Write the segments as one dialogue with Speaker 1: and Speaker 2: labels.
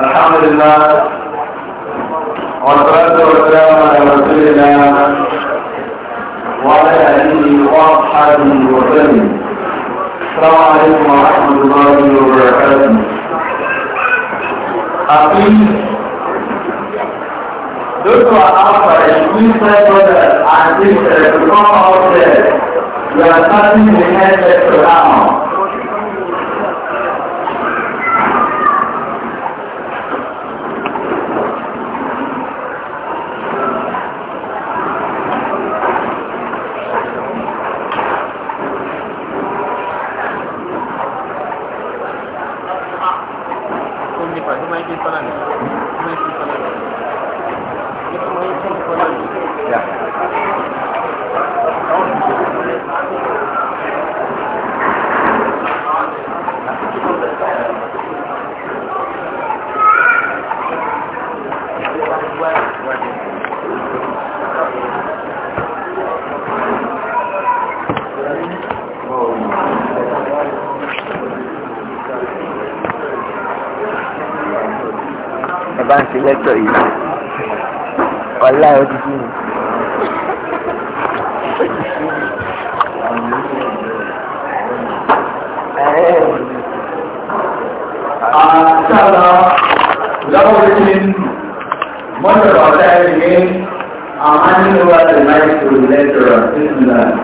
Speaker 1: الحمد لله والصلاة والسلام على رسول الله
Speaker 2: وعلى آله وأصحابه وسلم السلام عليكم ورحمة الله وبركاته أقول دكتور who are outside, we say brothers and sisters, come out there. One uh, of
Speaker 1: our dad became a man who was a uh, nice lecturer in the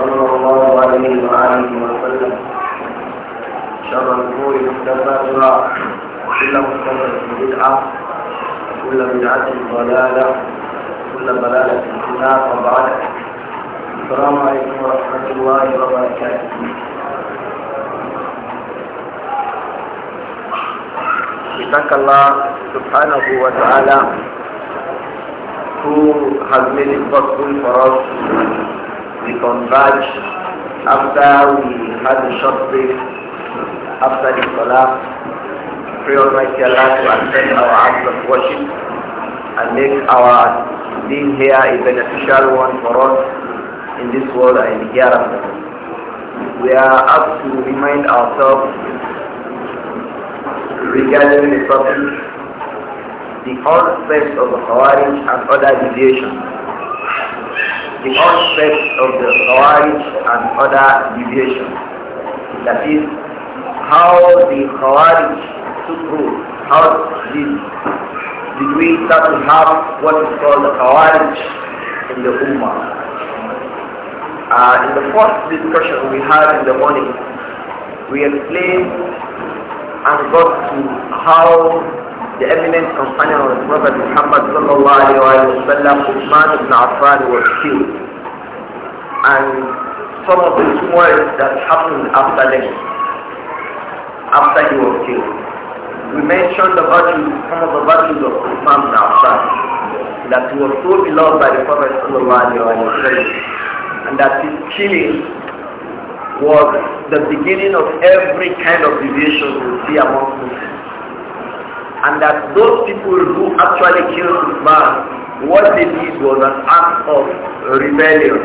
Speaker 1: صلى الله عليه وآله وسلم شر الأمور محدثاتها وكل محدثة بدعة وكل بدعة ضلالة وكل ضلالة في النار وبعد السلام عليكم ورحمة الله وبركاته اتقى الله سبحانه وتعالى who has made it possible we converge after we had a short break, after the collapse, pray Almighty Allah to accept our acts of worship and make our being here a beneficial one for us in this world and in the hereafter. We are asked to remind ourselves regarding the topic, the onset of the Khawarij and other deviations the onset of the Khawarij and other deviations. That is, how the Khawarij took root, how did, did we start to have what is called the Khawarij in the Ummah. Uh, in the first discussion we had in the morning, we explained and got to how the eminent companion of the Prophet Muhammad sallallahu alayhi wa sallam, Uthman ibn was killed. And some of the wars that happened after them, after he was killed. We mentioned the virtues, some of the virtues of Imam ibn that he was so beloved by the Prophet and that his killing
Speaker 3: was the beginning of every kind of division we see among Muslims and that those people who actually killed man, what they did was
Speaker 1: an act of rebellion.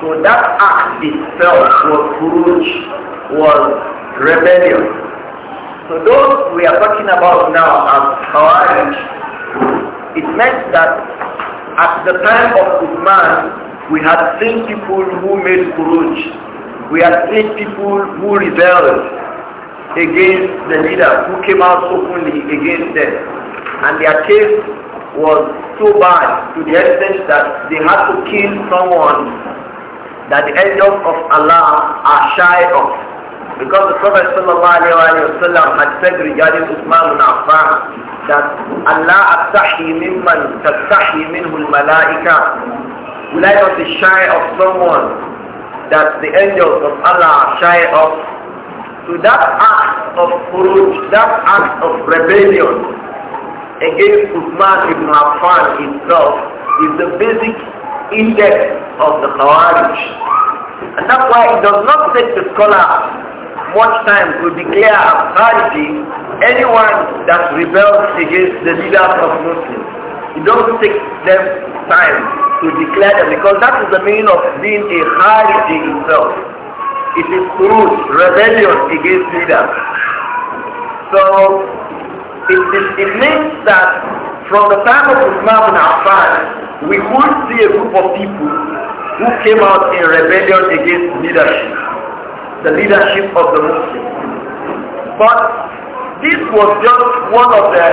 Speaker 1: So that act itself was courage, was rebellion. So those we are talking
Speaker 3: about now as Khawarij, it meant that at the time of Usman, we had seen people who made courage. We had seen people who rebelled against the leaders who came out openly against them. And their case was so bad to the extent that they had to kill someone that the angels of Allah are shy of. Because the Prophet ﷺ had said regarding Uthman ibn Affan that Allah attahi mimman tattahi minhu al-malaika. Will I not be shy of someone that the angels of Allah are shy of? to that act of courage, that act of rebellion against Uthman ibn Affan himself is the basic index of the Khawarij. And that's why it does not take the scholar much time to declare a Khariji anyone that rebels against the leaders of Muslims. It doesn't take them time to declare them because that is the meaning of being a Khariji himself. It is true rebellion against leaders. So it, it, it means that from the time of Islam in Affan, we would see a group of people who came out in rebellion against leadership, the leadership of the Muslims. But this was just one of the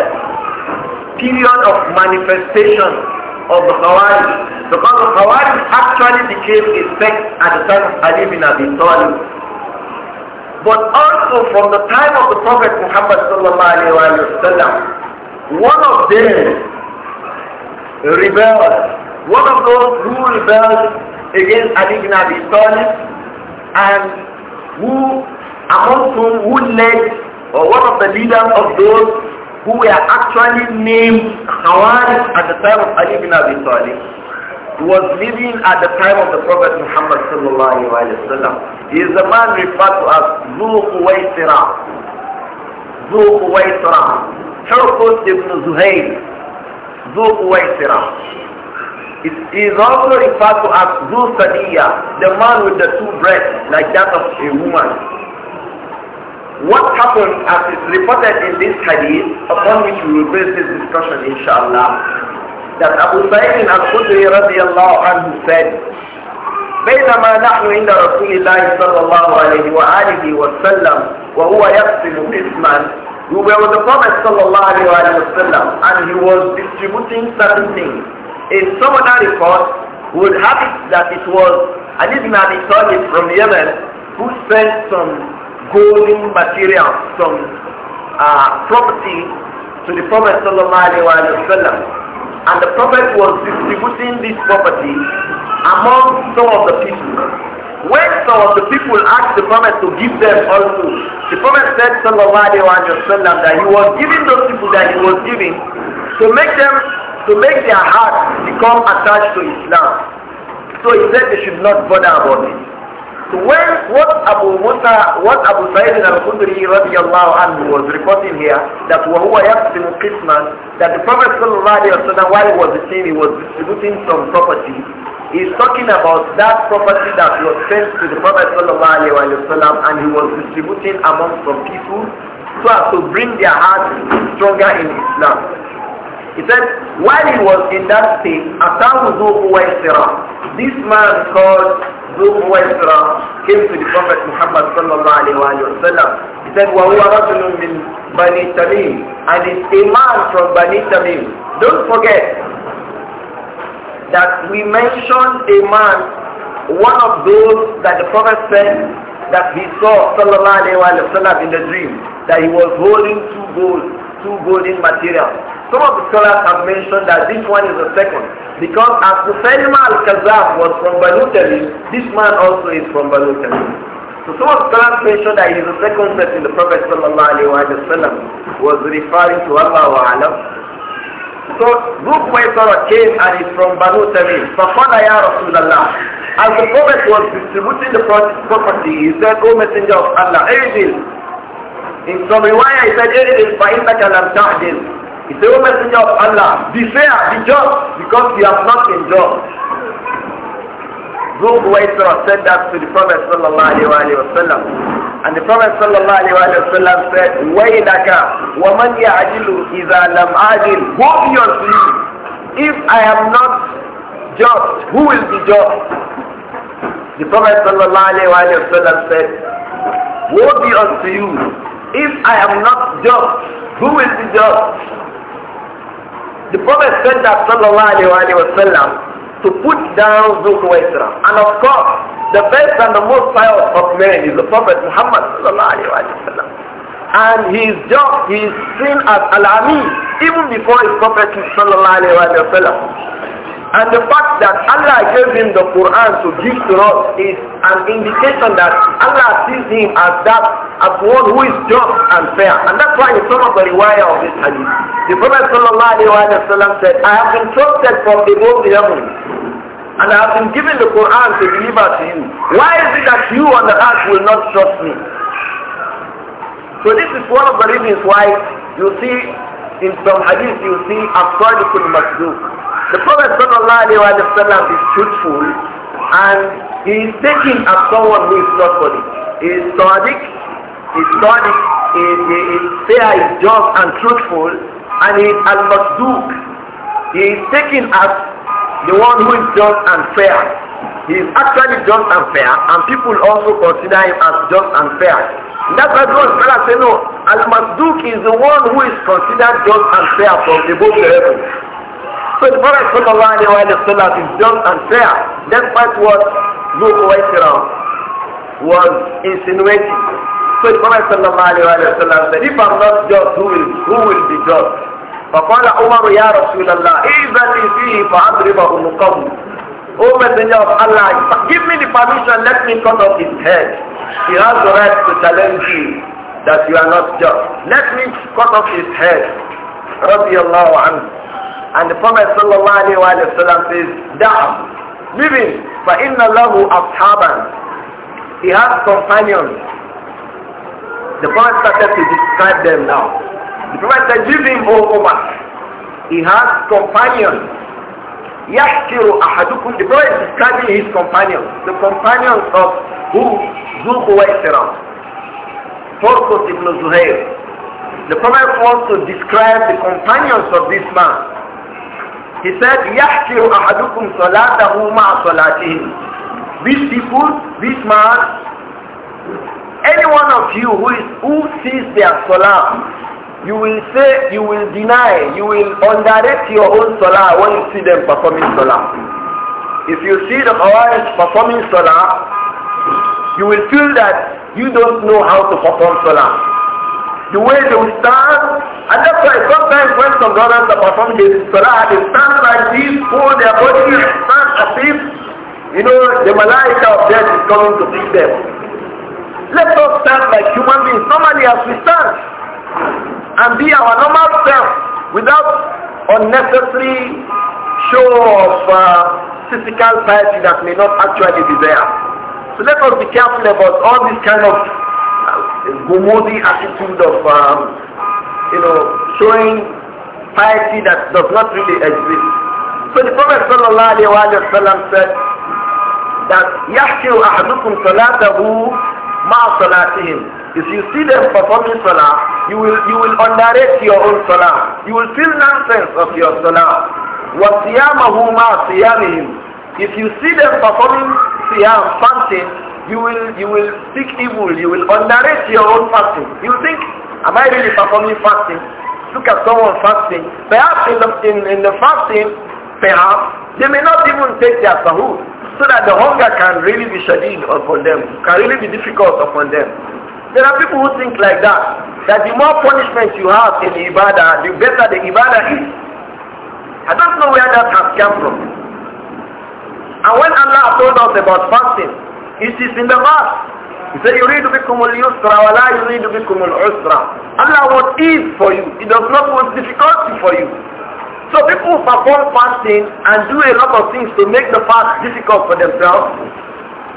Speaker 3: period of manifestation of the Khawarij. Because the Khawarij actually became a sect at the time of Ali bin Abi Talib. But also from the time of the Prophet Muhammad sallam, one of them
Speaker 1: rebelled.
Speaker 3: One of those who rebelled against Ali bin Abi Talib and who among whom who led or one of the leaders of those who were actually named Khawarij at the time of Ali bin Abi Talib was living at the time of the Prophet Muhammad sallallahu alayhi wa sallam. He is a man referred to as Zu Quwaisira. Zu Quwaisira. Hurqus ibn Zuhayl. Zu Quwaisira. He is also referred to as Zu Sadiya, the man with the two breasts, like that of a woman. What happened as is reported in this hadith, upon which we will base this discussion inshallah, that Abu Sa'id al-Khudri radiallahu anhu said, بينما نحن عند رسول الله صلى الله عليه وآله وسلم وهو يغسل قسما we were with the Prophet sallallahu alayhi wa sallam and he was distributing certain things. In some other report would have it that it was Ali ibn Abi Talib from Yemen who sent some golden material from uh, property to the Prophet sallallahu alaihi wasallam, and the Prophet was distributing this property among some of the people. When some of the people asked the Prophet to give them also, the Prophet said sallallahu alaihi wasallam that he was giving those people that he was giving to make them to make their hearts become attached to Islam. So he said they should not bother about it. So when what Abu Musa, what Abu Sa'id al-Khudri radiallahu anhu was reporting here, that وَهُوَ يَقْسِمُ قِسْمًا that the Prophet sallallahu while he was he was distributing some property. He's talking about that property that was sent to the Prophet sallallahu alayhi wa sallam, and he was distributing among some people so as to bring their hearts stronger in Islam. He said, while he was in that state, Atahu This man called came to the Prophet Muhammad sallallahu alayhi wa وسلم. He said, وَهُوَ رَجُلٌ مِّن بَنِي تَمِيمٍ And it's a man from Bani Tamim. Don't forget that we mentioned a man, one of those that the Prophet said that he saw sallallahu alayhi wa وسلم in the dream, that he was holding two gold, two golden materials. Some of the scholars have mentioned that this one is the second. Because as the Musaylima al-Kazab was from Banu Talib, this man also is from Banu Talib. So some of the scholars mention that is the second person the Prophet sallallahu was referring to Allah wa alam. So Group Waisara came and is from Banu Tamim. فَقَالَ يَا رَسُولَ اللَّهِ As the Prophet was distributing the property, he said, O Messenger of Allah, Aydil. In some riwayah he said, Aydil فَإِنَّكَ لَمْ تَعْدِلْ he said, O oh, Messenger of Allah, be fair, be just, because you have not been just. Zul Waisra said that to the Prophet sallallahu alayhi wa sallam. And the Prophet sallallahu alayhi wa sallam said, Wailaka, waman ya'ajilu iza lam ajil. Who be your If I am not just, who will be just? The Prophet sallallahu alayhi wa sallam said, Woe be unto you, if I am not just, who will be just? The Prophet sent that sallallahu alayhi wa sallam to put down Zulhuwaisra. And of course, the best and the most pious of men is the Prophet Muhammad sallallahu alayhi wa sallam. And he is just, he is seen as al even before his prophet sallallahu alayhi wa sallam. And the fact that Allah gave him the Quran to give to us is an indication that Allah sees him as that, as one who is just and fair. And that's why in some of the riwayah of this hadith, the Prophet ﷺ said, I have been trusted from above the heavens. And I have been given the Quran to deliver to you. Why is it that you on the earth will not trust me? So this is one of the reasons why you see in some hadith you see Abdul Masduk The Prophet wasallam is truthful and he is taking as someone who is trustworthy. He is sadiq, he is sadiq, he is, fair, he is just and truthful and he is al-masduq. He is taking as the one who is just and fair. He is actually just and fair and people also consider him as just and fair. that's why God Father say no, al-masduq is the one who is considered just and fair from above the heavens. So the Prophet sallallahu alayhi wa sallam is just and fair. Despite what Luke Waisram was insinuating. So the Prophet sallallahu alayhi wa sallam said, if I'm not just, who will, who will be just? فقال عمر يا رسول الله إذا لي فيه فأضربه القوم O Messenger of Allah, give me the permission, let me cut off his head. He has the right to challenge you that you are not just. Let me cut off his head. رضي الله عنه and the Prophet sallallahu alayhi wa sallam says, Da'am, living for Inna Lahu أَصْحَابًا He has companions. The Prophet started to describe them now. The Prophet said, "Living him, O Umar. He has companions. يَحْكِرُ ahadukum. The Prophet is describing his companions. The companions of who? ذُو قُوَيْسِرًا Torkos ibn Zuhair. The Prophet wants to describe the companions of this man. He said, يَحْكِرُ أَحَدُكُمْ صَلَاتَهُ مَعَ صَلَاتِهِمْ These people, this man, any one of you who, is, who sees their salah, you will say, you will deny, you will underrate your own salah when you see them performing salah. If you see the Khawarij performing salah, you will feel that you don't know how to perform salah the way they will stand. And that's why sometimes when some brothers are performing the salah, they stand like this, pull their body, stand as if, you know, the malaika of death is coming to pick them. Let us stand like human beings, normally as we stand, and be our normal self without unnecessary show of uh, physical piety that may not actually be there. So let us be careful about all these kind of it's Gumodi attitude of, um, you know, showing piety that does not really exist. So the Prophet sallallahu alayhi wa sallam said that يَحْشِرُ أَحَدُكُمْ صَلَاتَهُ مَعَ صَلَاتِهِمْ If you see them performing salah, you will, you will underrate your own salah. You will feel nonsense of your salah. وَصِيَامَهُ مَعَ صِيَامِهِمْ If you see them performing siyam, fasting, you will you will seek evil, you will underrate your own fasting. You think, am I really performing fasting? Look at someone fasting. Perhaps in the, in, in the fasting, perhaps they may not even take their sahur, so that the hunger can really be shadid upon them, can really be difficult upon them. There are people who think like that, that the more punishment you have in the ibadah, the better the ibadah is. I don't know where that has come from. And when Allah told us about fasting, it is in the verse. He said, يُرِيدُ بِكُمُ الْيُسْرَ وَلَا يُرِيدُ بِكُمُ الْعُسْرَ Allah wants ease for you. He does not want difficulty for you. So people perform fasting and do a lot of things to make the fast difficult for themselves.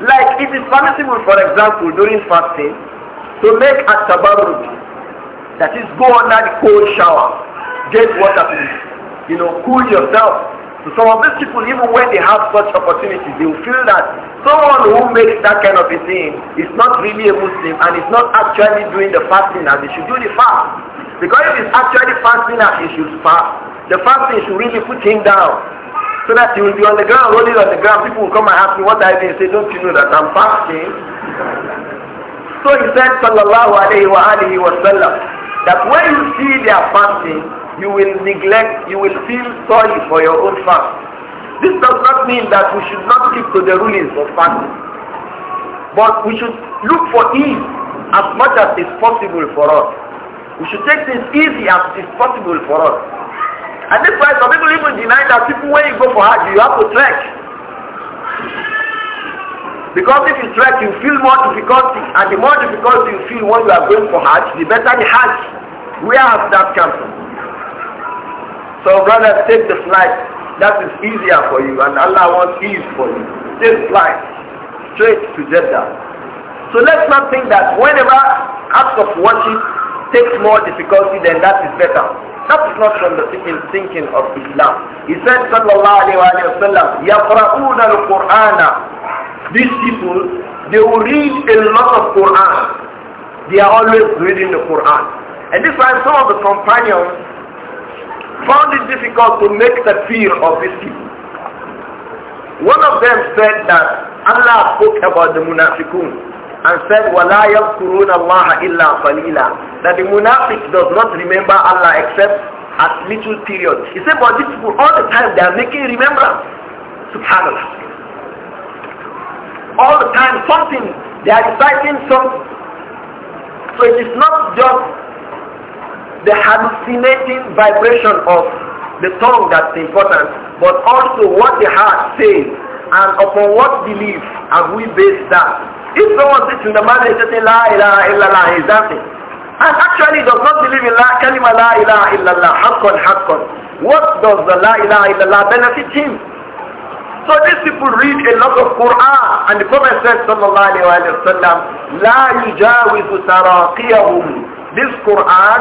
Speaker 3: Like it is permissible, for example, during fasting, to make a tabarruk. That is, go under the cold shower. Get water, please. You know, cool yourself. So some of these people, even when they have such opportunities, they will feel that someone who makes that kind of a thing is not really a Muslim and is not actually doing the fasting as they should do the fast. Because if it's actually fasting as he should fast, the fasting should really put him down. So that he will be on the ground, rolling on the ground. People will come and ask me what I did and say, don't you know that I'm fasting? So he said, sallallahu alayhi wa alihi wa sallam, that when you see their fasting, you will neglect, you will feel sorry for your own fast. This does not mean that we should not keep to the rulings of fasting. But we should look for ease as much as is possible for us. We should take things easy as is possible for us. And this why some people even deny that people when you go for Hajj, you have to trek. Because if you trek, you feel more difficulty. And the more difficulty you feel when you are going for Hajj, the better the Hajj. Where has that come from? So brothers, take the flight. That is easier for you and Allah wants ease for you. Take flight straight to Jeddah. So let's not think that whenever acts of worship takes more difficulty then that is better. That is not from the thinking, of Islam. He said, sallallahu alayhi wa sallam, يَقْرَؤُونَ الْقُرْآنَ These people, they will read a lot of Quran. They are always reading the Quran. And this is why some of the companions found it difficult to make the fear of these people. One of them said that Allah spoke about the munafiqun and said, وَلَا يَذْكُرُونَ اللَّهَ إِلَّا قَلِيلًا That the munafiq does not remember Allah except at little periods. He said, but these people all the time they are making remembrance. SubhanAllah. All the time something, they are reciting something. So it is not just the hallucinating vibration of the tongue that's important, but also what the heart says and upon what belief have we based that. If someone sits in the man and says, La ilaha illallah, is that it? And actually does not believe in La kalima La ilaha illallah, haqqan haqqan. What does the La ilaha illallah benefit him? So these people read a lot of Quran and the Prophet said sallallahu alayhi wa sallam, La yujawizu saraqiyahum. This Quran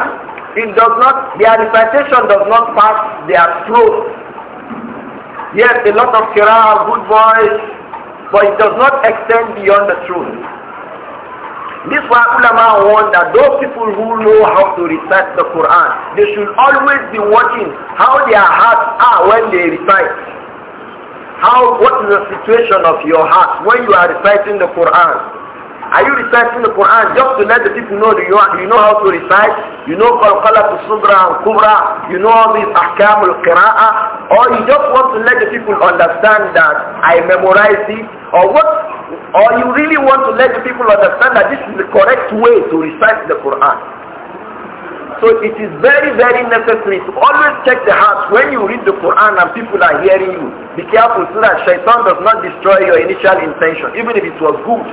Speaker 3: it does not, their recitation does not pass their throat. Yes, a lot of kira are good boys, but it does not extend beyond the throat. This why ulama warned that those people who know how to recite the Quran, they should always be watching how their hearts are when they recite. How, what is the situation of your heart when you are reciting the Quran? Are you reciting the Quran just to let the people know that you, are, you know how to recite? You know Qalqala to Subra and Kubra? You know all these Ahkam al-Qira'ah? Or you just want to let the people understand that I memorize it? Or what? Or you really want to let the people understand that this is the correct way to recite the Quran? So it is very, very necessary to always check the heart when you read the Quran and people are hearing you. Be careful so that shaitan does not destroy your initial intention, even if it was good.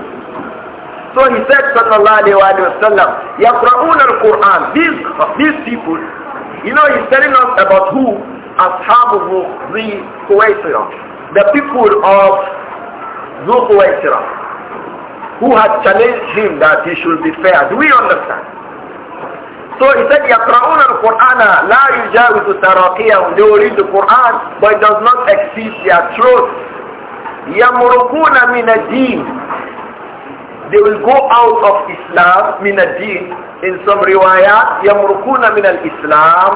Speaker 3: So he said, sallallahu alayhi wa sallam, al Quran. These, these people, you know, he's telling us about who? harbored the قُوَيْسِرَةِ The people of the قُوَيْسِرَةِ who had challenged him that he should be fair. Do we understand? So he said, يَقْرَؤُونَ الْقُرْآنَ لَا يُجَاوِزُ تَرَاقِيَهُمْ They will read the Qur'an, but it does not exceed their throat. يَمُرُقُونَ مِنَ الدِّينِ they will go out of Islam min ad in some riwayat yamrukuna min al-islam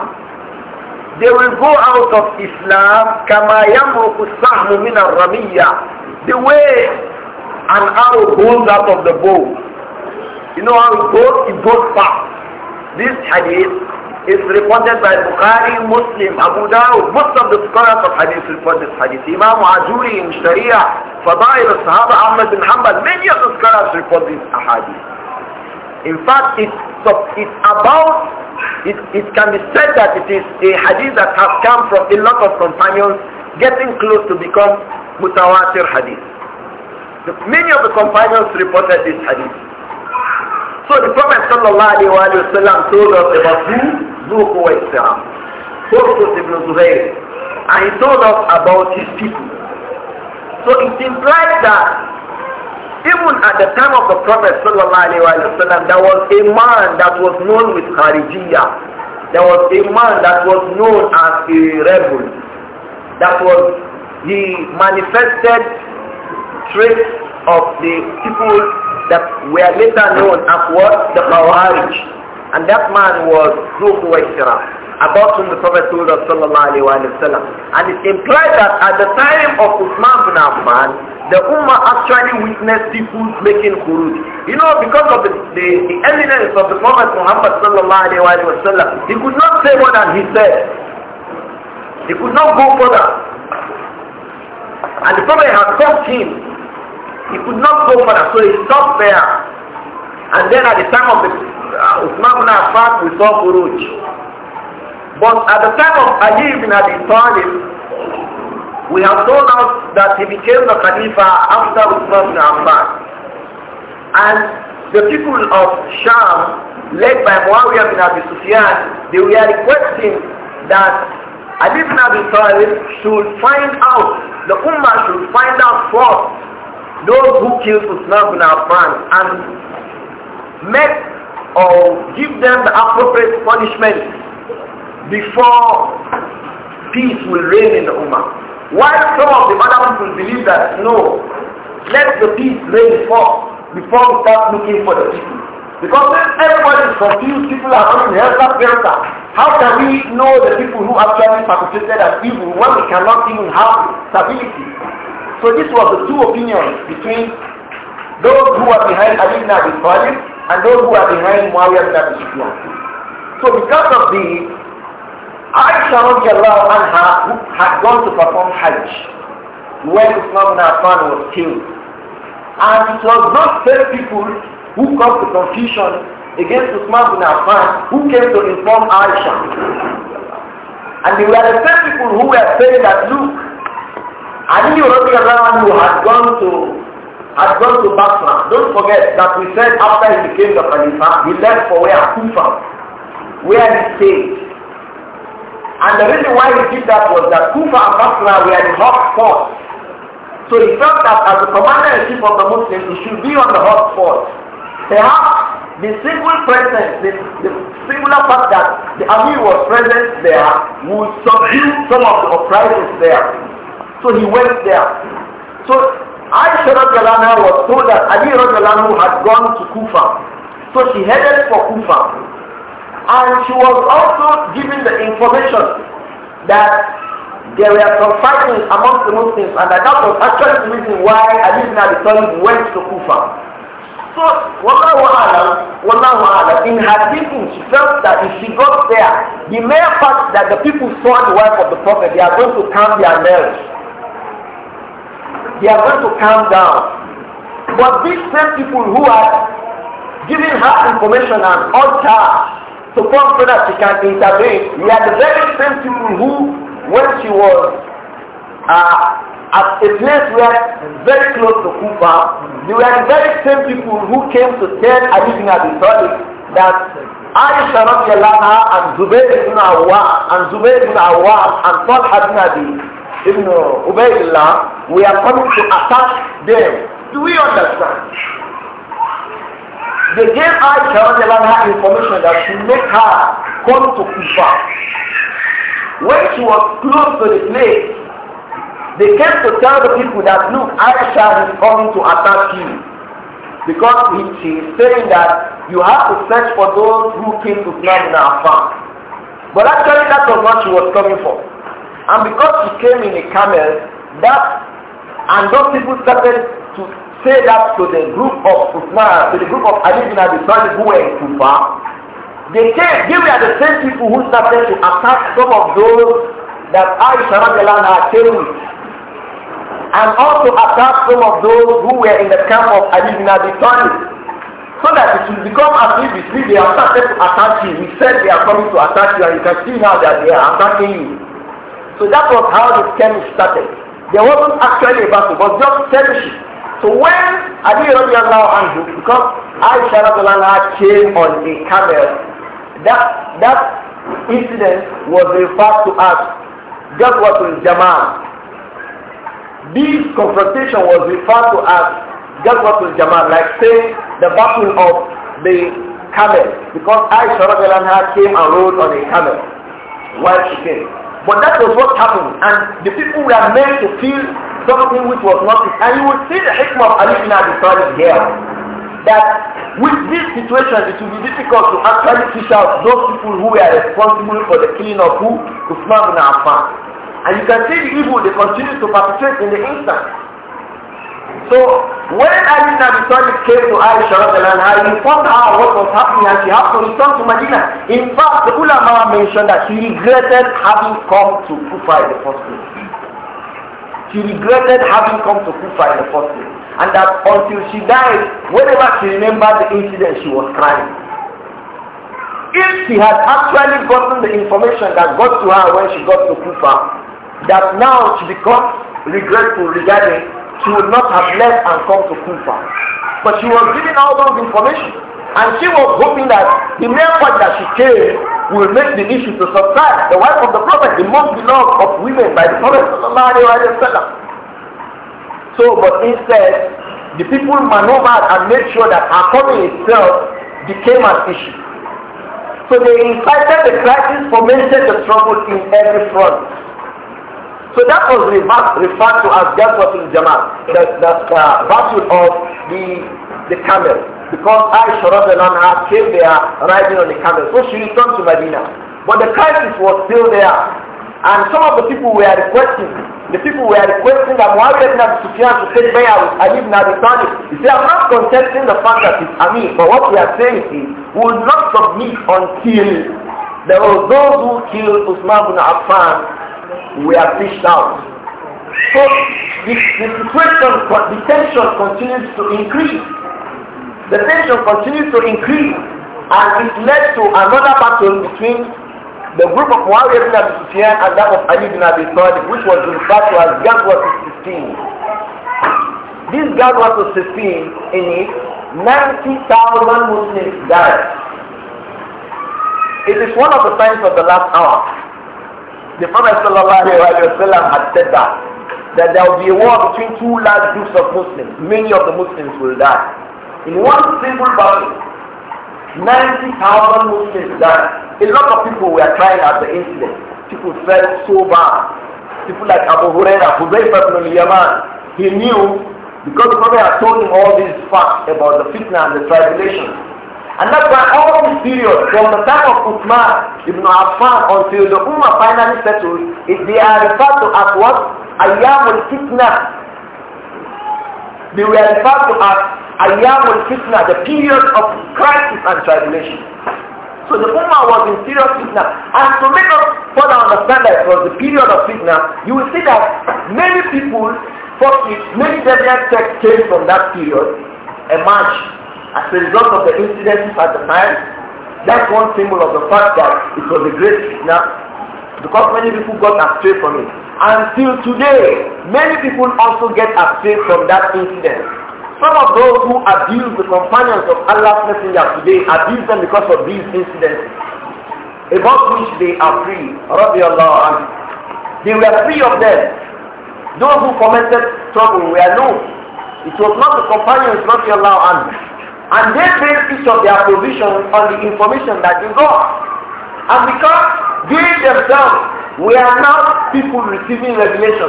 Speaker 3: they will go out of Islam kama yamruku sahmu min ar the way an arrow goes out of the bow you know how it goes it goes fast this hadith is reported by Bukhari, Muslim, Abu Dawud. Most of the scholars of hadith report this hadith. Imam Ajuri in Sharia, Fadail Sahaba Ahmad bin Hanbal, many of the scholars report this hadith. In fact, it, about, it, it can be said that it is a hadith that has come from a lot of companions getting close to become mutawatir hadith. many of the companions reported this hadith. So the Prophet sallallahu alayhi wa told us about who? Zuhu wa Islam. Horkos ibn Zuhair. And he told us about his people. So it implies that even at the time of the Prophet sallallahu alayhi wa there was a man that was known with Kharijiyah. There was a man that was known as a rebel. That was, he manifested traits of the people that were later known as what? The Khawarij. And that man was Zuh Waisra. About whom the Prophet told us sallallahu alayhi wa sallam. And it implies that at the time of Uthman bin Affan, the Ummah actually witnessed people making khuruj. You know, because of the, the, the of the Prophet Muhammad sallallahu alayhi wa sallam, he could not say more than he said. He could not go further. And the Prophet had taught him he could not go further, so he stopped there. And then at the time of the, uh, Uthman ibn Affan, we saw Buruj. But at the time of Ali ibn Abi Talib, we have told us that he became the Khalifa after Uthman ibn Affan. And the people of Sham, led by Muawiyah ibn Abi Sufyan, they were requesting that Ali ibn Abi Talib should find out, the Ummah should find out first those who killed Usman bin Affan and make or give them the appropriate punishment before peace will reign in the Ummah. While some of the other people believe that, no, let the peace reign first before we start looking for the people. Because if everybody is confused, people are not in helter How can we know the people who actually perpetrated as evil when we cannot even have stability? So this was the two opinions between those who are behind Ali ibn Abi Talib and those who are behind Muawiyah ibn Abi Sufyan. So because of the Aisha radiallahu anha who had gone to perform Hajj when Usman ibn Affan was killed. And it was not those people who caused the confusion against Usman ibn Affan who came to inform Aisha. And they were the same people who were saying that, look, Ali Radiallahu had gone to had gone to Basra. Don't forget that we said after he became the Khalifa, he left for where? Kufa, where he stayed. And the reason why he did that was that Kufa and Basra were the hot spots. So he felt that as the commander-in-chief of the Muslims, he should be on the hot spots. Perhaps the single presence, the, the singular fact that the army was present there would subdue some of the uprisings there. So he went there. So Aisha Radhalana was told that Ali Radhalana had gone to Kufa. So she headed for Kufa. And she was also given the information that there were some fightings amongst the Muslims and that that was actually the reason why Ali ibn Abi Talib went to Kufa. So, Wallahu Alam, Wallahu Alam, in her thinking, she felt that if she got there, the mere fact that the people saw the wife of the Prophet, they are going to calm their nerves they are going to calm down. But these same people who are giving her information and urge her to come so that she can intervene, they are the very same people who, when she was uh, at a place where very close to Kufa, they were the very same people who came to tell Ali that I shall that be radiallahu and Zubayr ibn Awwam and Zubayr ibn Awwam and Talha ibn Abi ibn Ubaydullah we are coming to attack them. Do we understand? They gave Aisha her information that she make her come to Kufa. When she was close to the place, they came to tell the people that, look, Aisha is coming to attack you. Because he, she is saying that you have to search for those who came to Islam in our farm. But actually that was what she was coming for. And because she came in a camel, that and those people started to say that to the group of Uthman, to the group of Ali bin Abi Talib who were in Kufa. They came, they were the same people who started to attack some of those that Aisha Radiallahu came And also attack some of those who were in the camp of Ali bin Abi Talib. So that it will become as if between they have started to attack you. We said they are coming to attack you and you can see now that they are attacking you. So that was how this camp started. There wasn't actually a battle, but just skirmishing. So when Ali radiallahu anhu, because Aisha radiallahu came on a camel, that, that incident was referred to as Gazwatul Jamal. This confrontation was referred to as Gazwatul Jamal, like saying the battle of the camel, because Aisha radiallahu came and rode on a camel while she came. But that was what happened. And the people were meant to feel something which was not. And you will see the hikmah of Ali bin Abi Talib here. That with this situation, it will be difficult to actually fish out those people who were responsible for the killing of who? in bin Affan. And you can see the evil they continue to perpetrate in the instant. So when Ali ibn Abi Talib came to Aisha anha, he informed her what was happening and she had to return to Medina. In fact, the ulama mentioned that she regretted having come to Kufa in the first place. She regretted having come to Kufa in the first place. And that until she died, whenever she remembered the incident, she was crying. If she had actually gotten the information that got to her when she got to Kufa, that now she becomes regretful regarding she would not have left and come to Kufa. But she was giving all those information. And she was hoping that the mere fact that she came will make the issue to subside. The wife of the Prophet, the most beloved of women by the Prophet. So, but instead, the people maneuvered and made sure that her coming itself became an issue. So they incited the crisis, fomented the trouble in every front. So that was referred, referred to as in Jamal, the, the uh, virtue of the, the camel. Because Aisha Anha came there riding on the camel. So she returned to Medina. But the crisis was still there. And some of the people were requesting, the people were requesting that Muhammad not Abi Sufyan to take bayah with Ali ibn Abi Talib. You see, I'm not contesting the fact that it's me, but what we are saying is, we will not submit until there were those who killed Usman ibn Affan we are fished out. So the, the situation, the tension continues to increase. The tension continues to increase and it led to another battle between the group of Muawiyah ibn Abi Sufyan and that of Ali ibn Abi Talib which was referred to as Ghazwa
Speaker 2: 16.
Speaker 3: This Ghazwa 16 in it, 90,000 Muslims died. It is one of the signs of the last hour the Prophet ﷺ had said that, that there will be a war between two large groups of Muslims. Many of the Muslims will die. In one single battle, 90,000 Muslims died. A lot of people were crying at the incident. People felt so bad. People like Abu Huraira, Huzaifa ibn Yaman, he knew because the Prophet had told him all these facts about the fitna and the tribulation and that's why all this period, from the time of Uthman ibn Affan until the Ummah finally settled, is they are referred to as what? Ayyamul Fitna. They were referred to as Ayyamul Fitna, the period of crisis and tribulation. So the Ummah was in serious fitna. And to make us further understand that it was the period of fitna, you will see that many people, many deviant texts came from that period, emerged as a result of the incident at the time, that's one symbol of the fact that it was a great fitna because many people got astray from it. Until today, many people also get astray from that incident. Some of those who abuse the companions of Allah's Messenger today abuse them because of these incidents about which they are free. They were free of them. Those who committed trouble were known. It was not the companions, radiallahu anhu, and they base each of their position on the information that they got. And because they themselves were not people receiving revelation,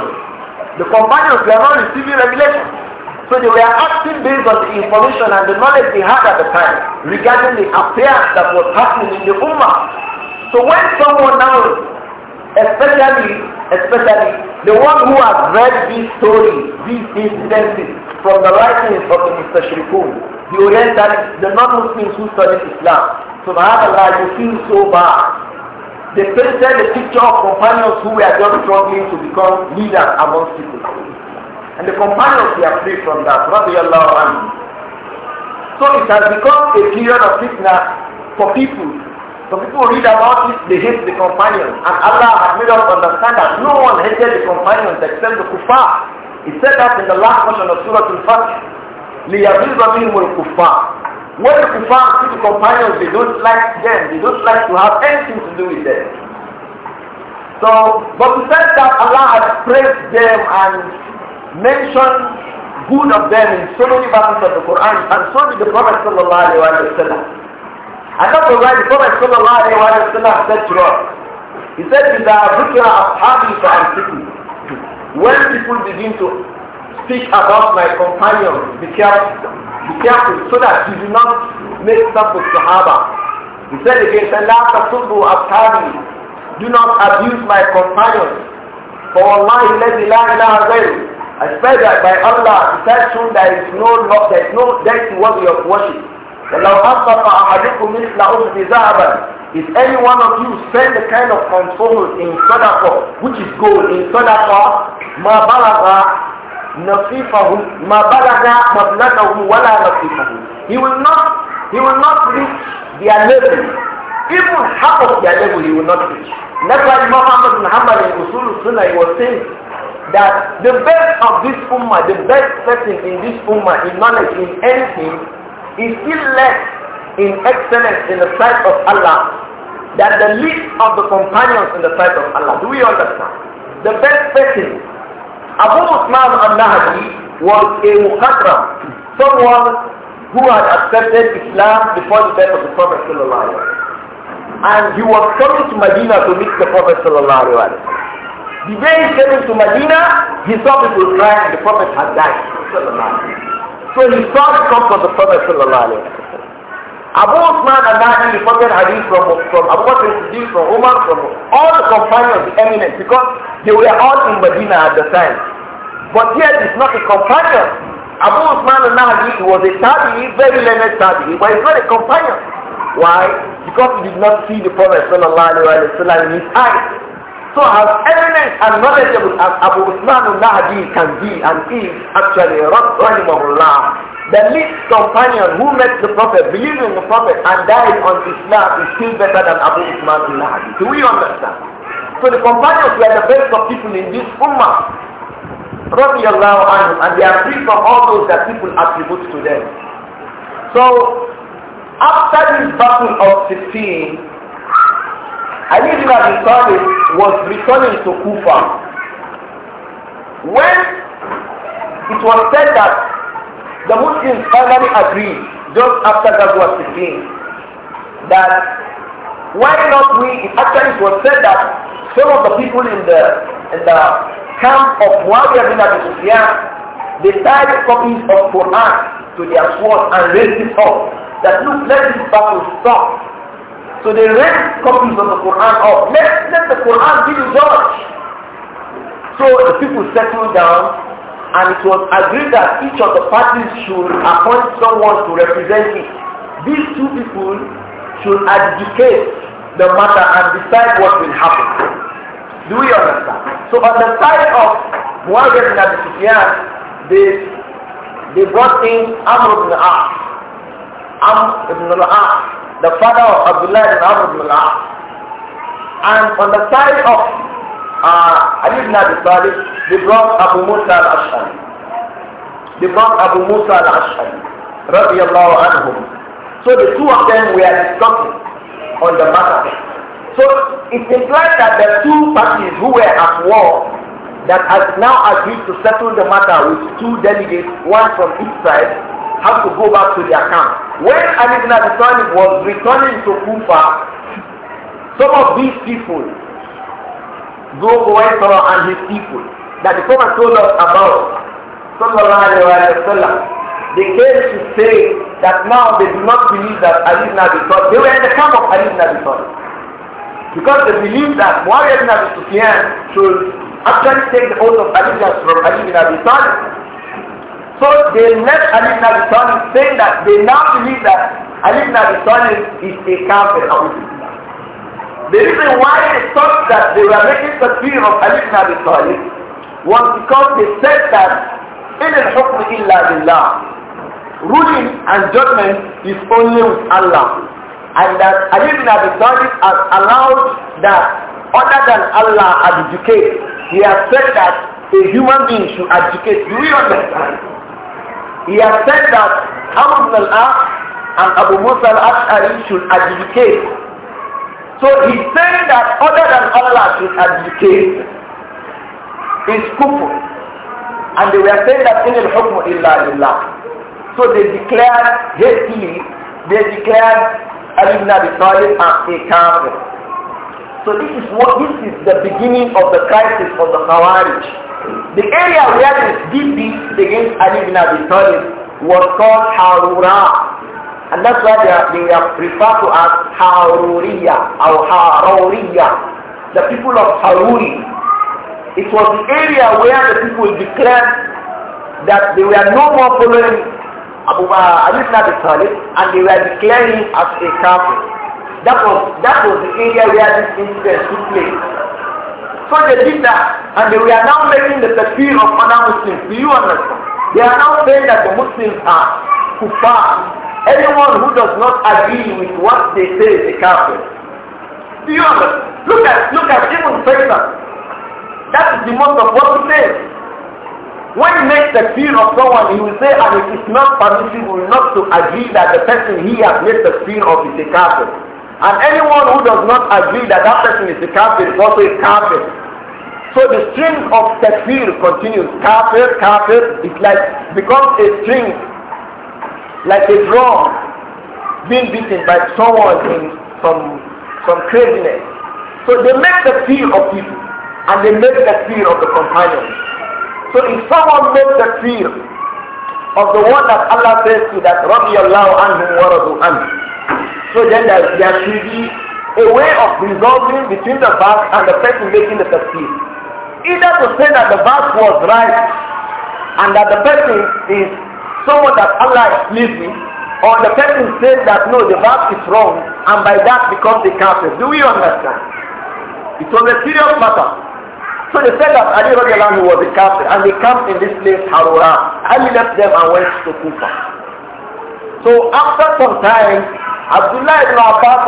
Speaker 3: the companions were not receiving revelation. So they were acting based on the information and the knowledge they had at the time regarding the affairs that was happening in the Ummah. So when someone now, especially, especially the one who has read these stories, these incidences from the writings of Mr. Shirkun, you realize that the non-Muslims who studied Islam, subhanAllah, you feel so bad. They painted a picture of companions who were just struggling to become leaders amongst people. And the companions were free from that, radiallahu anhu. So it has become a period of fitna for people. Some people read about it, they hate the companions. And Allah has made us understand that no one hated the companions except the kuffar. He said that in the last portion of Surah Al-Fatih. لِيَغِيظَ بِهِمُ الْكُفَّارِ When the kuffar see the companions, they don't like them. They don't like to have anything to do with them. So, but besides that Allah has praised them and mentioned good of them in so many verses of the Quran and so did the Prophet sallallahu alayhi wa sallam. And that's why the Prophet sallallahu alayhi wa sallam said to us, he said, in the of ذُكِرَ and فَأَمْسِكُوا When people begin to speak about my companions. Be careful. Be careful so that you do not make stuff with Sahaba. He said again, Allah Tasubbu Abtabi. Do not abuse my companions. For Allah, He in ilaha way. I swear that by Allah, besides whom there is no love, there is no deity worthy of worship. وَلَوْ أَصَّفَ أَحَدُكُمْ مِثْلَ أُمْدِ ذَهَبًا if any one of you send the kind of control in Sadaqah, which is gold in Sadaqah, ma نصيفهم ما بلغ مبلغهم ولا نصيفهم he will not he will not reach their level even half of their level he will not reach that's why Muhammad bin Hanbal in Usul Sunnah he was saying that the best of this ummah the best person in this ummah in knowledge in anything is still less in excellence in the sight of Allah than the least of the companions in the sight of Allah do we understand the best person Abu Usman al-Nahdi was a muhadram, someone who had accepted Islam before the death of the Prophet sallallahu And he was coming to Medina to meet the Prophet sallallahu The day he came into Medina, he saw people crying the Prophet had died So he saw the comfort of the Prophet sallallahu Abu Uthman and Ali reported hadith from, from Abu Bakr Siddiq, from Umar, from all the companions, the eminent, because they were all in Medina at the time. But yet it's not a companion. Abu Uthman and Ali was a tabi'i, very learned tabi'i, but was not a companion. Why? Because he did not see the Prophet sallallahu alayhi wa sallam in his eyes. So as eminent and knowledgeable as Abu Uthman al-Nahdi can be and is actually, rahimahullah, the least companion who met the Prophet, believed in the Prophet and died on Islam is still better than Abu Isma'il bin Hadi. Do we understand? So the companions were the best of people in this ummah. Radiallahu anhum, and they are free from all those that people attribute to them. So, after this battle of 15, Ali ibn Abi Talib was returning to Kufa. When it was said that the Muslims finally agreed just after that was thing. that why not we, it actually was said that some of the people in the, in the camp of Muawiyah bin Abi Sufyan, they tied copies of Quran to their sword and raised it up. That look, let this battle stop. So they read copies of the Quran up. Let, let the Quran be the judge. So the people settled down and it was agreed that each of the parties should appoint someone to represent it. These two people should adjudicate the matter and decide what will happen. Do we understand? So on the side of Muawiyah ibn Abi Sufyan, they, they brought in Amr ibn al Amr ibn al the father of Abdullah ibn Amr ibn al And on the side of uh, Ali ibn Abi Talib, they brought Abu Musa al-Ash'ari. They brought Abu Musa al-Ash'ari, radiallahu anhum. So the two of them were discussing on the matter. So it implies that the two parties who were at war that has now agreed to settle the matter with two delegates, one from each side, have to go back to their camp. When Ali ibn Abi Talib was returning to Kufa, some of these people Go, Dhul Huwaisara and his people that the Prophet told us about Sallallahu Alaihi Wasallam they came to say that now they do not believe that Ali ibn Abi Talib they were in the camp of Ali ibn Abi Talib because they believed that Muawiyah ibn Abi Sufyan should actually take the oath of allegiance from Ali ibn Abi Talib so they left Ali ibn Abi Talib saying that they now believe that Ali ibn Abi Talib is a kafir the reason why they thought that they were making the takfir of Ali ibn Abi Talib was because they said that in al-hukm illa billah ruling and judgment is only with Allah and that Ali ibn Abi Talib has allowed that other than Allah abdicate. He has said that a human being should abdicate. Do understand? He has said that Amr ibn al and Abu Musa al-Ash'ari should abdicate so he's saying that other than Allah should abdicate is kufr. And they were saying that in al-hukm illa lillah. So they declared hastily, they declared Ali ibn Abi Talib as a kafir. So this is what, this is the beginning of the crisis of the Khawarij. The area where they did this against Ali ibn Abi Talib was called Harura. And that's why they are, they are referred to as Haruriya or Haruriya, the people of Haruri. It was the area where the people declared that they were no more following Abu Bakr ibn Talib and they were declaring as a kafir. That was, that was the area where this incident took place. So they did that and they were now making the takfir of other Muslims. Do you understand? They are now saying that the Muslims are kuffar Anyone who does not agree with what they say is a carpet. Do you understand? Look at, look at even Satan. That is the most of what he says. When he makes the fear of someone, he will say, and it is not permissible not to agree that the person he has made the fear of is a carpet. And anyone who does not agree that that person is a carpet, is also a carpet. So the string of fear continues. carpet carpet. It's like becomes a string like a drum being beaten by someone in some, some craziness. So they make the fear of people and they make the fear of the companions. So if someone makes the fear of the one that Allah says to that Rabbi Allah anhu waradu and, so then there, there should be a way of resolving between the back and the person making the tafsir. Either to say that the back was right and that the person is someone that Allah is me, or the person says that no, the verse is wrong, and by that becomes a captive. Do we understand? It was a serious matter. So they said that Ali radiallahu was a captive, and they camped in this place, Harura. Ali left them and went to Kufa. So after some time, Abdullah ibn Abbas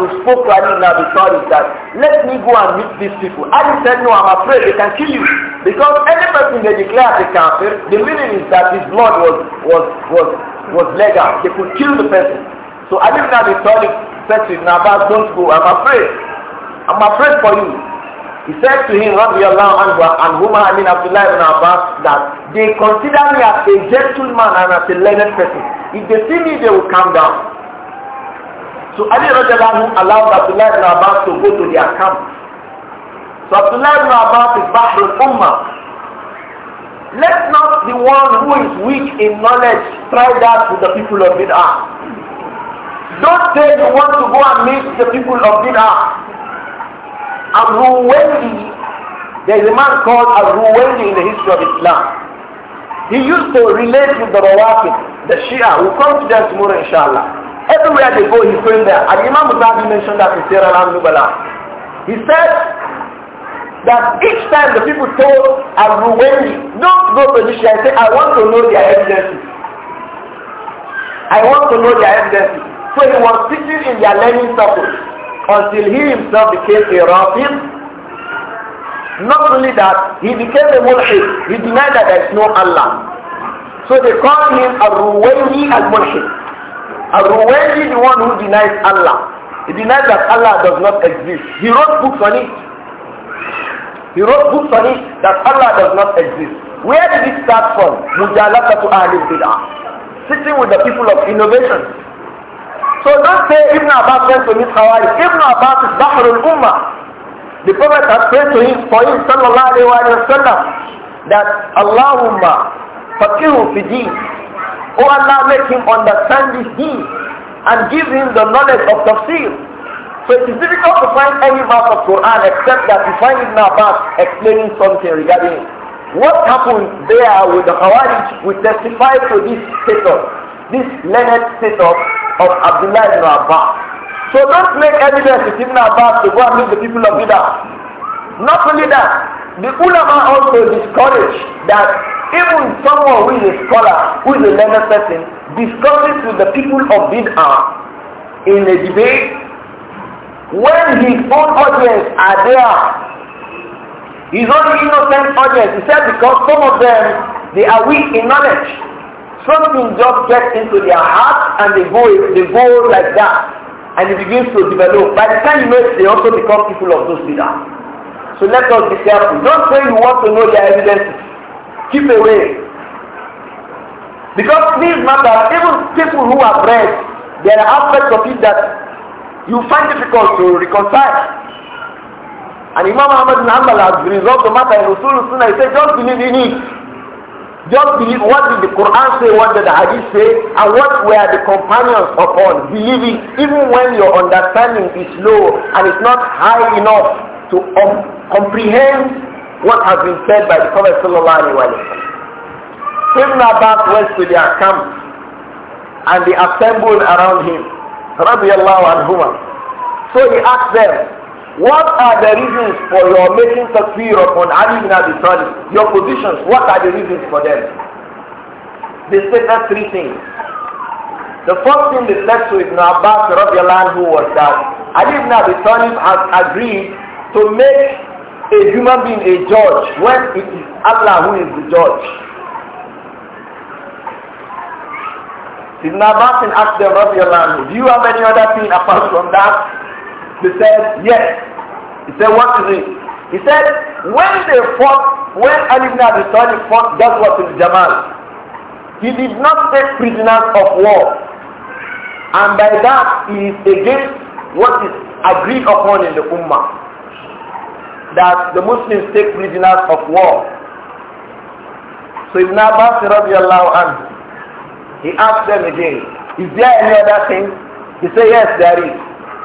Speaker 3: who spoke to Ali ibn Abi Talib that let me go and meet these people. Ali said no, I'm afraid they can kill you. Because any person they declare as a kafir, the meaning is that his blood was, was, was, was legal. They could kill the person. So Ali ibn Abi Talib said to Ibn Abbas, don't go, I'm afraid. I'm afraid for you. He said to him, Radiallahu anhu, and Huma, I mean Abdullah ibn Abbas, that they consider me as a gentleman and as a learned person. If they see me, they will calm down. So Ali Rajalahu allowed Abdullah ibn Abbas to go to their camp. So Abdullah ibn Abbas is Bahr al-Ummah. Let not the one who is weak in knowledge try that with the people of Bid'ah. Don't say you want to go and meet the people of Bid'ah. Al-Ruwaili, there is a man called al in the history of Islam. He used to relate with the Rawatib, the Shia, who come to them tomorrow inshallah. Everywhere they go, he's going there. And Imam Musabi mentioned that in Sierra Nubala. He said that each time the people told Abu ruwaini don't go to Nisha, I say, I want to know their evidence. I want to know their evidence. So he was teaching in their learning circle until he himself became a Rafid. Not only that, he became a Mulhid. He denied that there is no Allah. So they called him a ruwaini Al-Mulhid. Al-Ruwaili, the one who denies Allah, he denies that Allah does not exist. He wrote books on it. He wrote books on it that Allah does not exist. Where did it start from? Mujalata to Ahlul Bid'ah. Sitting with the people of innovation. So don't say Ibn Abbas went to meet Khawarij. Ibn Abbas is Bahrul Ummah. The Prophet has prayed to him, for him, sallallahu alayhi wa sallam, that Allahumma faqihu fi oh Allah, make him understand this deed and give him the knowledge of tafsir. So it is difficult to find any verse of Quran except that you find Ibn Abbas explaining something regarding What happened there with the Khawarij we testify to this status, this learned status of Abdullah ibn Abbas. So don't make evidence with Ibn Abbas to go and meet the people of Bidah. Not only that, the ulama also discouraged that even someone who is a scholar, who is a learned person, discusses with the people of Bid'ah in a debate, when his own audience are there, his own innocent audience, he said because some of them, they are weak in knowledge. Something just gets into their heart and they go, they go like that. And it begins to develop. By the time you know it, they also become people of those Bid'ah. So let us be careful. Don't say you want to know their evidences keep away. Because please remember, even people who are bred, there are aspects of it that you find difficult to reconcile. And Imam Ahmad bin Hanbal has resolved the matter in Rasul Sunnah. He said, just believe in it. Just believe what did the Quran say, what did the Hadith say, and what were the companions upon. Believe it, even when your understanding is low and it's not high enough to um, comprehend what has been said by the Prophet sallallahu alaihi wasallam. Ibn Abbas went to their camp and they assembled around him, So he asked them, what are the reasons for your making takfir upon Ali ibn Abi Talib? Your positions, what are the reasons for them? They stated three things. The first thing they said to Ibn Abbas radiallahu anhu was that Ali ibn Abi Talib has agreed to make a human being a judge when it is Allah who is the judge? Ibn Abbas asked them, do you have any other thing apart from that? They said, yes. He said, what is it? He said, when they fought, when Ali ibn Abi Talib fought was in jamal he did not take prisoners of war. And by that, he is against what is agreed upon in the Ummah that the Muslims take prisoners of war. So Ibn Abbas radiallahu anhu, he asked them again, is there any other thing? They say, yes, there is.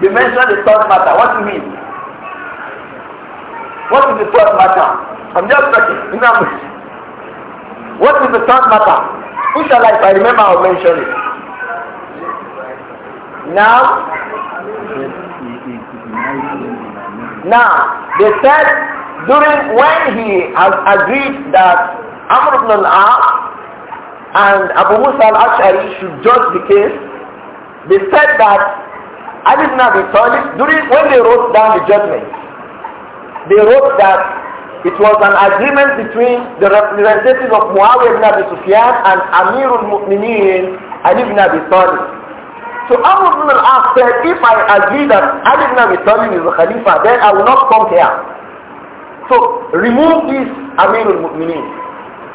Speaker 3: They mentioned the third matter. What do you mean? What is the third matter? I'm just talking. What is the third matter? Who shall I, if I remember, I'll mention it.
Speaker 2: Now, now, they said
Speaker 3: during when he has agreed that Amr ibn al-As and Abu Musa al-Ash'ari should judge the case, they said that Ali ibn Abi Talib, during, when they wrote down the judgment, they wrote that it was an agreement between the representatives of Muawiyah ibn Abi Sufyan and Amirul Mu'mineen Ali ibn Abi Talib. So Abu ibn al-As said, if I agree that Ali ibn Abi Talib is the Khalifa, then I will not come here. So remove this Amir al-Mu'minin.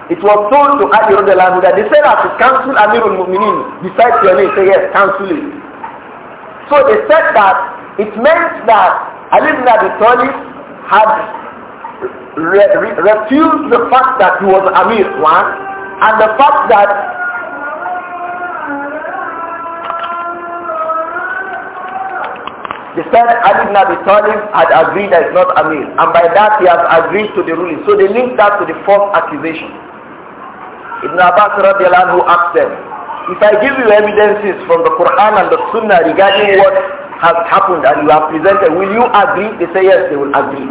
Speaker 3: It was told to Ali radiallahu that they said that to cancel Amir al-Mu'minin besides your name. Say yes, cancel it. So they said that it meant that Ali ibn Abi Talib had re re refused the fact that he was Amir, one, and the fact that They said Ali ibn Abi Talib had agreed that it's not Amir. And by that he has agreed to the ruling. So they linked that to the false accusation. Ibn Abbas who asked them, if I give you evidences from the Quran and the Sunnah regarding what has happened and you have presented, will you agree? They say yes, they will agree.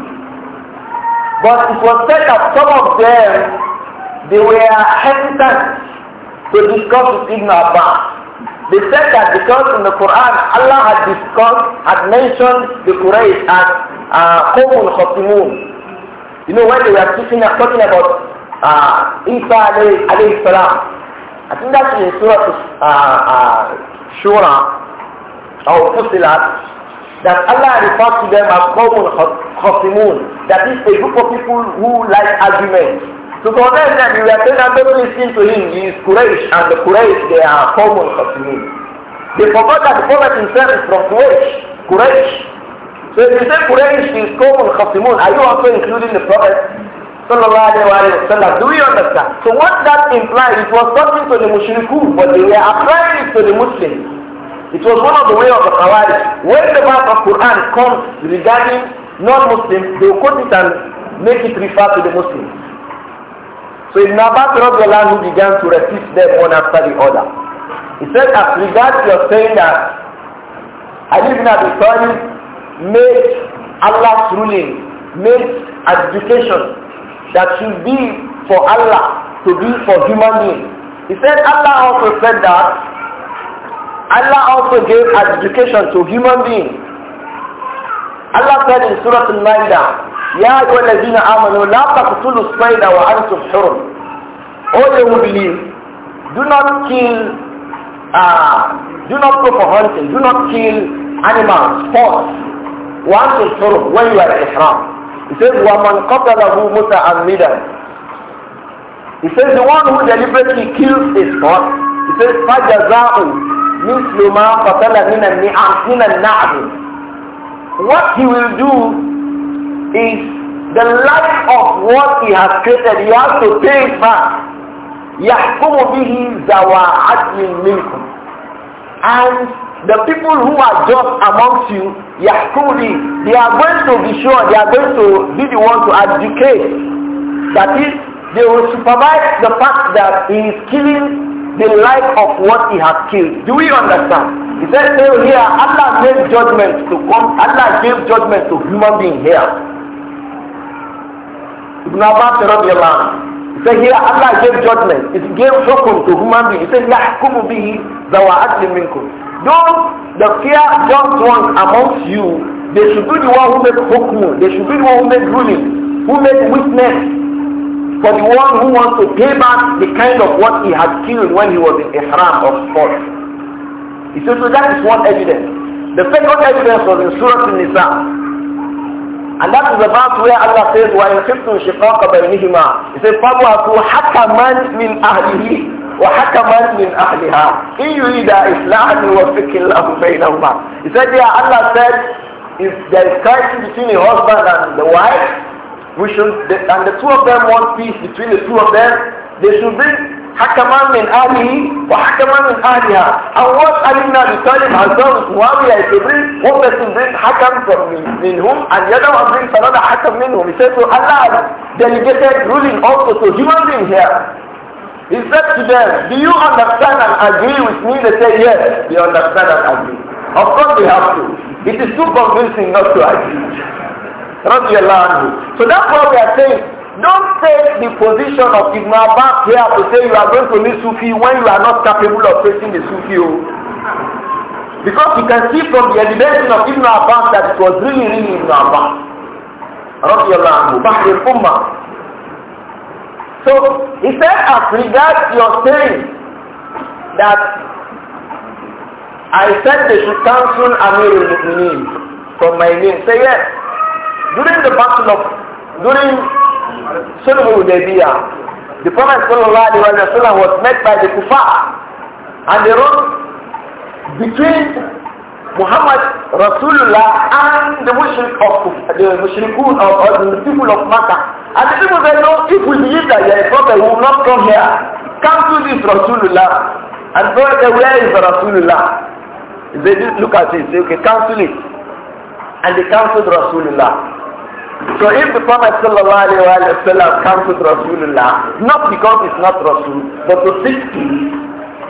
Speaker 3: But it was said that some of them, they were hesitant to discuss with Ibn Abbas they said that because in the Quran Allah had discussed, had mentioned the Quraysh as uh, Qawmun uh, Khatimun. You know when they were talking, talking about uh, Isa alayhi, alayhi salam. I think that's in Surah uh, uh, Shura or Fusilat that Allah referred to them as Qawmun Khatimun. That is a group of people who like arguments. So for them, then you are saying that people listening to him, he is Quraysh, and ah, the Quraysh, they are common Qasimin. They forgot that the Prophet himself is from Quraysh, Quraysh. So if you say Quraysh is common Qasimun, are you also including the Prophet? Do we understand? So what that implies, it was talking to the mushrikun, but they were applying it to the Muslims. It was one of the way of the Khawarij. When the verse of Quran comes regarding non-Muslims, they will quote it and make it refer to the Muslims. So the Abbas who began to repeat them one after the other. He said, as regards your saying that Ali ibn Abi Talib made Allah's ruling, made education that should be for Allah to be for human beings. He said Allah also said that Allah also gave education to human beings. Allah said in Surah Al-Ma'idah, يا أيها الذين آمنوا لا تقتلوا الصيد وأنتم حرم all you who believe do not kill uh, do not go for hunting do not kill animals sports وأنتم حرم when you are ihram he says وَمَنْ قَتَلَهُ مُتَعَمِّدًا he says the one who deliberately kills a sport he says فَجَزَاءٌ مثل ما قتل من النعم من النعم what he will do is the life of what he has created. He has to pay it back. يَحْكُمُ بِهِ زَوَى عَدْلٍ مِنْكُمْ And the people who are just amongst you, يَحْكُمُ They are going to be sure, they are going to be the one to adjudicate. That is, they will supervise the fact that he is killing the life of what he has killed. Do we understand? He says here, Allah gave judgment to come, Allah gave judgment to human being here. Ibn Abbas radiallahu anhu. He said here Allah gave judgment. It gave hukum to human being. He said, يَحْكُمُ بِهِ ذَوَا عَدْلٍ مِنْكُمْ Those, the fear just ones amongst you, they should be the one who make hukum. They should be the one who make ruling, who make witness for the one who wants to pay back the kind of what he had killed when he was in ihram of sport. He said, so that is one evidence. The second evidence was in Surah An-Nisa. And that is about where Allah says, وَإِنْ خِفْتُمْ شِقَاقَ بَيْنِهِمَا He says, فَبْعَثُوا حَكَمًا مِنْ أَهْلِهِ وَحَكَمًا مِنْ أَهْلِهَا إِنْ يُرِيدَ إِصْلَاحًا يُوَفِّقِ اللَّهُ بَيْنَهُمَا He said "Yeah." Allah said, if there is crisis between a husband and the wife, we should, and the two of them want peace between the two of them, they should bring حكما من اهله وحكما من آلها أول واسال ابن عزار طالب يا إبريل هم الكبري حكم منهم أن يدعو other one brings another حكم منهم he said to Allah delegated ruling also to human being here he said to them, do you understand and agree with me? They say, yes, they understand and agree. Of course they have to. It is too convincing not to agree. So that's why we are saying. Don't take the position of Ibn Abbas here to say you are going to meet Sufi when you are not capable of facing the Sufi. Oh. Because you can see from the elevation of Ibn Abbas that it was really, really Ibn Abbas. So he said as regards your saying that I said they should cancel Amir al-Mu'mineen from my name. Say yes. During the battle of, during Sulhu Hudaybiyah. The Prophet sallallahu alaihi wasallam was met by the kuffar and they wrote between Muhammad Rasulullah and the mushrik of the mushrikun of, or the people of Makkah. And the people said, no, if we believe that you are prophet, we will not come here. come to this Rasulullah. And so I said, where is Rasulullah? They look at it, say, okay, cancel it. And they cancelled Rasulullah. So if the Prophet ﷺ comes with Rasulullah, not because it's not Rasul, but to seek peace,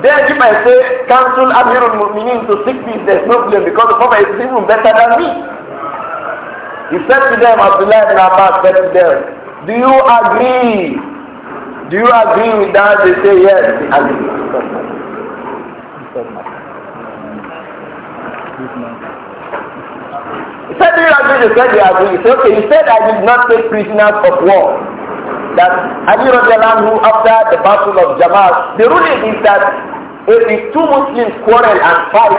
Speaker 3: then if I say cancel Amirul Mu'mineen to seek peace, there's no blame because the Prophet is even better than me. He said to them, Abdullah ibn Abbas said to them, Do you agree? Do you agree with that? They say yes,
Speaker 2: we agree said you agree, you said you agree. okay, He said I did not take prisoners
Speaker 3: of war. That Ali Radiallahu, after the battle of Jamal, the ruling is that if two Muslims quarrel and fight,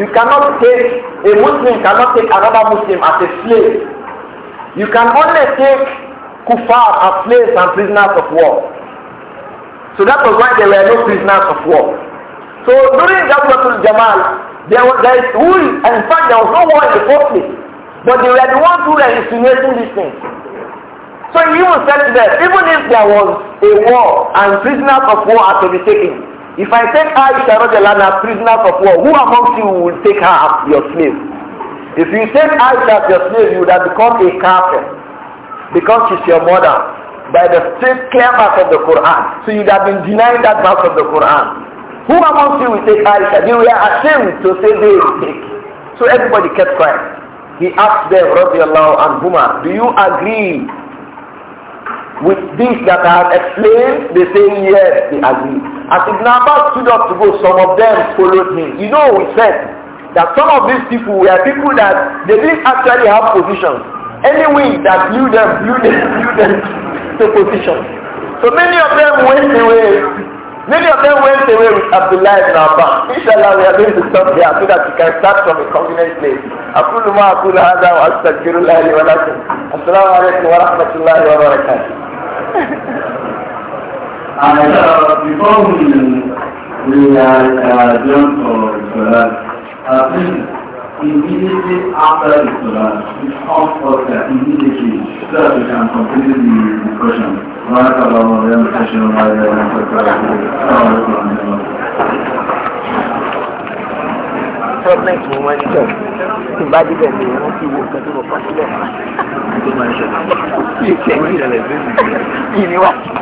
Speaker 3: you cannot take, a Muslim cannot take another Muslim as a slave. You can only take kuffar as slaves and prisoners of war. So that was why there were no prisoners of war. So during of Jamal, there was there is rule, and in fact there was no war in the first place. But they were the ones who were insinuating these things. So he even said to them, even if there was a war and prisoners of war are to be taken, if I take Aisha Rajalan as prisoners of war, who amongst you will take her as your slave? If you take Aisha as your slave, you would have become a kafir because she's your mother by the straight clear verse of the Quran. So you'd have been denying that verse of the Quran. Who amongst you will take Aisha? They were ashamed to say they will take. So everybody kept quiet. He asked them, radiallahu anhuma, do you agree with this that I have explained? They say, yes, they agree. As Ibn Abbas stood up to go, some of them followed him. You know, we said that some of these people were people that they didn't actually have positions. Anyway, that blew them, blew them, blew them to positions. So many of them went away Many of them went away with Abdullah ibn Abbas. Inshallah, we are going to stop here so that we can start from a convenient place. أقول ما أقول هذا وأستغفر الله لي ولكم السلام عليكم ورحمة الله وبركاته.
Speaker 1: uh, before we, we uh, uh, jump uh, immediately after the salah, which for that immediately, so that we can continue the discussion. وَنَكَ اللَّهُ وَيَا مُسَشِرُ مَا إِلَى أَنْ تَكَرَهُ السلام
Speaker 2: عليكم ورحمة الله tó